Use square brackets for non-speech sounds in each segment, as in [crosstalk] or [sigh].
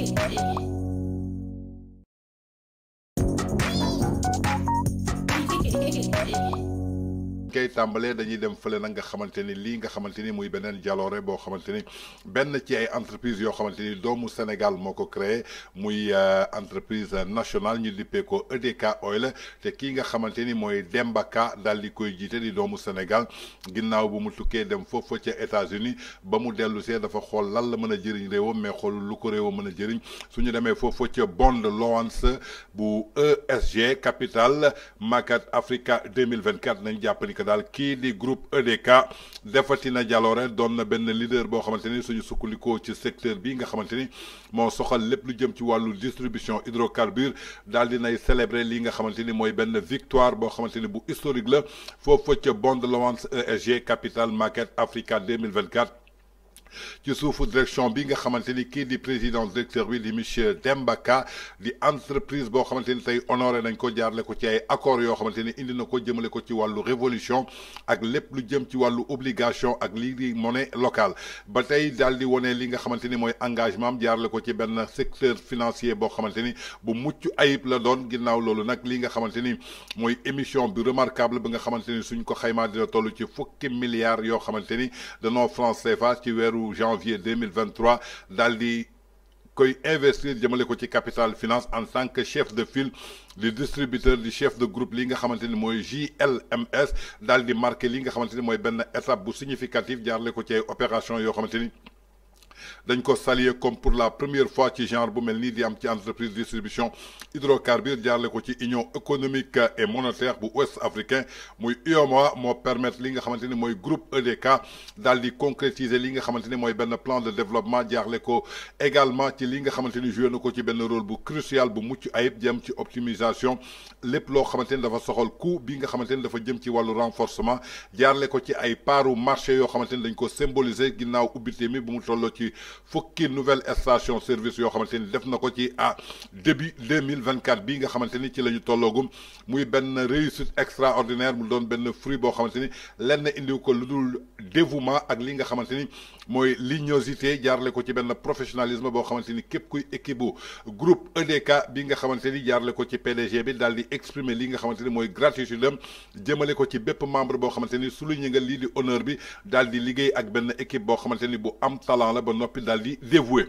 Thank [laughs] you. ngay tàmbalee dañuy dem fële nag nga xamante ni lii nga xamante ni muy beneen jaloore boo xamante ni benn ci ay entreprise yoo xamante ni doomu Sénégal moo ko créé muy euh, entreprise national ñu dippee ko EDK Oil te kii nga xamante ni mooy Demba Ka daal di koy jiite di doomu Sénégal ginnaaw bu mu tukkee dem foofu ca États-Unis ba mu dellu see dafa xool lan la mën a jëriñ réewam mais xoolul lu ko réewam mën a jëriñ ñu demee foofu ca Bond Loans bu ESG Capital Market Africa 2024 nañ jàpp que daal kii di groupe EDK defatina na jaloore doon na benn leader bo xamanteni suñu sukuliko ci secteur bi nga xamanteni mo soxal lepp lu jëm ci walu distribution hydrocarbure dal dinaay célébrer li nga xamanteni moy ben victoire bo xamanteni bu historique la fofu ci Bond Loans e ESG Capital Market Africa 2024 ci suufu direction bi nga xamanteni ni di président directeur bi di monsieur Dembaka Ka di entreprise bo xamanteni tay honoré nañ ko jaarle ko ci ay accords yo xamanteni indi nako ko ko ci walu révolution ak lepp lu jëm ci walu obligation ak li di monnaie locale ba tey daal di wone li nga xamanteni moy engagement am jaarle ko ci ben secteur financier bo xamanteni bu muccu ayib la doon ginnaw lolu nak li nga xamanteni moy émission bi remarquable bi nga xamanteni suñ ko xaymaa dina tollu ci fukki milliards yo xamanteni ni danoo franc CFA ci weeru janvier 2023 dans les koy investir jëmale ko ci Capital Finance en tant que chef de file du distributeur du chef de groupe li nga xamante ni JLMS dans les marqué li nga xamanteni moy significatif étape bu significative ko opération yo dañ ko saluer comme pour la première fois ci genre bu melni di am ci entreprise distribution hydrocarbures jaarle ko ci union économique et monétaire bu ouest africain muy UEMOA mo permettre li nga xamanteni moy groupe EDK dal di concrétiser li nga xamanteni moy ben plan de développement le ko également ci li nga xamanteni ni joué na ko ci ben rôle bu crucial bu mucc ayeb jëm ci optimisation lepp lo xamanteni dafa soxol coût bi nga xamanteni dafa jëm ci walu renforcement jaarle ko ci ay paru marché yo xamanteni ni dañ ko symboliser ginnaw ubité mi bu mu tollo ci faut fukki nouvelle station service yo xamanteni def nako ci à début 2024, binga nga xamanteni ci lañu tologum muy ben réussite extraordinaire mu doon le fruit bo xamanteni lenn ko dévouement ak li nga xamanteni ni lignosité jaarale ko ci ben professionnalisme bo xamanteni kep équipe groupe EDK bi nga xamanteni ni ko ci PDG bi exprimer li nga xamanteni moy gratitude jëmele ko ci bép membre bo xamanteni ni souligné nga li di honneur bi liggéey ak ben équipe bo xamanteni ni bu am talent la bonne noppi daal bataille dévoué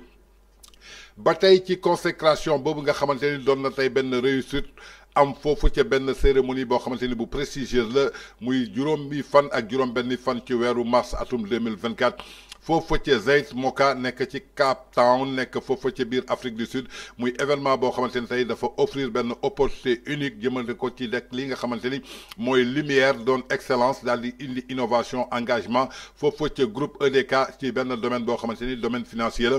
ba ci consécration bobu nga xamante ni na tay benn réussite am foofu ben benn cérémonie bo xamanteni bu prestigieuse la muy juróomi fan ak juroom benni fan ci wéru mars atum 2024 foofu ci Zeitz Moka nek ci Cape Town nek faut ci biir Afrique du Sud muy événement bo xamanteni tay dafa offrir ben opportunité unique du ko ci lek li nga xamanteni moy lumière don excellence dal di innovation engagement foofu e ci groupe EDK ci cas domaine bo xamanteni domaine financier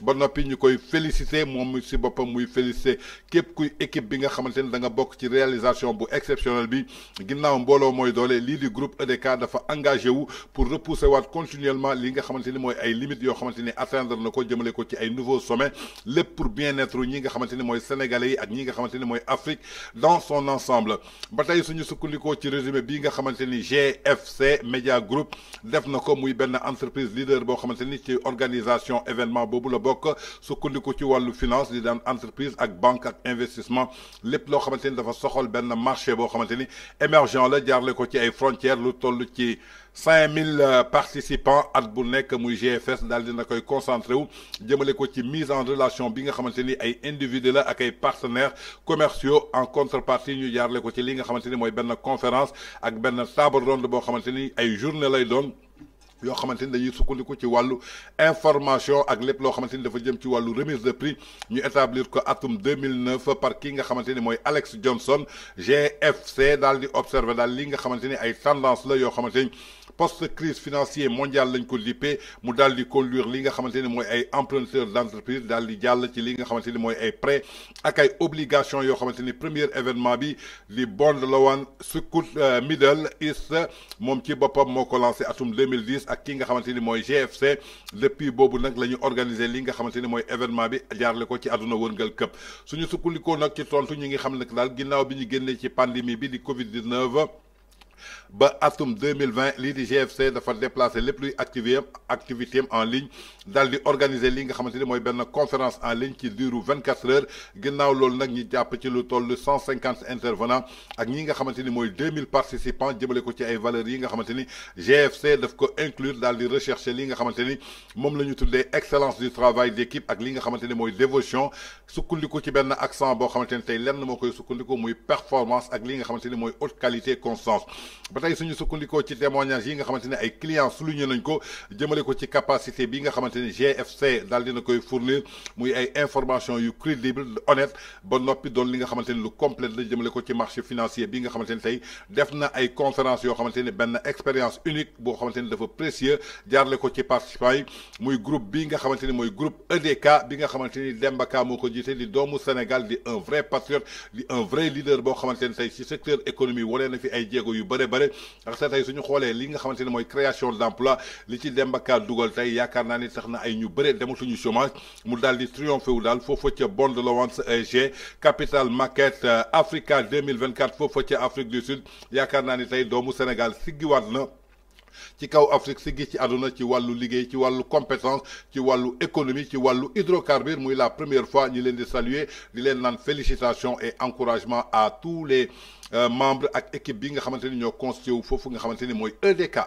ba noppi ñukoy féliciter mom mon monsieur muy féliciter képp kuy équipe bi nga xamanteni da nga bokk ci réalisation bu exceptionnelle bi ginnaaw mbolo moy dole li du groupe EDK dafa engagé wu pour repousser waat continuellement li nga xamanteni moy ay limites yo xamanteni atteindre nako jëmele ko ci ay nouveaux sommets Les pour bien-être ñi nga xamanteni moy sénégalais yi ak ñi nga xamanteni Afrique dans son ensemble batay suñu sukkuliko ci résumé bi nga xamanteni GFC Media Group def nako oui muy ben entreprise leader bo xamanteni ci organisation événement bobu la bok sukkuliko ci walu finance di daan entreprise ak banque ak investissement les lo de façon dafa soxal benn marché boo xamante émergent la jaarle ko ci ay frontières lu toll ci cinq mille euh, participants at bu nekk muy GFS daal dina koy concentré wu jëmale ko ci mise en relation bi nga xamante ni ay individu la ak ay partenaires commerciaux en contrepartie ñu jaarle ko ci li nga xamante ni mooy conférence ak benn table ronde boo xamante ni ay journée lay doon yo xamanteni dañuy sukkandiku ci wàllu information ak lépp loo xamante dafa jëm ci wàllu remise de prix ñu établir ko atum 2009 par ki nga xamante ni Alex Johnson GFC dans di observer daal li nga xamante ni ay tendance la yoo xamante post crise financier mondiale lañ ko lippee mu daal di conduire li nga xamante ni ay emprunteurs d'entreprise daal di jàll ci li nga xamante ni mooy ay prêts ak ay obligations yoo xamante premier événement bi di bond la woon secours euh, Middle East moom ci boppam moo ko à atum 2010 ak ki nga xamanteni moy GFC depuis bobu nak lañu organiser li nga xamanteni moy événement bi jaarle ko ci aduna wërngal cup suñu sukkandikoo nak ci tontu ñi ngi xam nak dal ginnaw bi ñu génnee ci pandémie bi di Covid 19 ba atum 2020 l'IDGFC di GFC dafa déplacé lépp luy activé activité en ligne daal di organiser li nga conférence en ligne qui duru 24 heures ginnaaw lol nak ñi japp ci lu toll 150 intervenants ak ñi nga xamanteni moy 2000 participants jëmale ko ci ay valeurs yi nga xamanteni GFC daf ko inclure dans di rechercher li nga xamanteni mom lañu tuddé excellence du travail d'équipe ak li nga xamanteni moy mooy dévotion sukkandiku ci ben accent bo xamanteni tay lenn mo koy sukkandiku muy performance ak li nga xamanteni moy haute qualité constance ba tey suñu sukkandikoo ci témoignage yi nga xamante ne ay clients souligné nañ ko jëmale ko ci capacité bi nga xamante ne GFC daal dina koy fournir muy ay information yu crédible honnête ba noppi doon li nga xamante ne lu complète la jëmale ko ci marché financier bi nga xamante ne tey def na ay conférences yoo xamante ne benn expérience unique boo xamante ne dafa précieux jaarle ko ci participants yi muy groupe bi nga xamante ne mooy groupe EDK bi nga xamante ni Demba Ka moo ko jiite di doomu Sénégal di un vrai patriote di un vrai leader boo xamante ne tey ci secteur économie wane na fi ay jéego yu bëri bëre bëre ndax sa tay suñu xoolee li nga xamante ne mooy création d'emploi li ci dembaka dugal tey yaakaar naa ni tax na ay ñu bëre dematuñu chômage mu daal di triomphe wu daal foofa ca Bond et EG Capital Market euh, Africa 2024 foofa ca Afrique du Sud yaakaar naa ni tey doomu Sénégal siggiwaat na ci kaw Afrique si gi ci aduna ci wàllu liggéey ci wàllu compétence ci wàllu économie ci wàllu hydrocarbure muy la première fois ñu leen di saluer di leen naan félicitations et encouragement à tous les euh, membres ak équipe bi nga xamante ni ñoo constitué wu foofu nga xamante ni mooy EDK.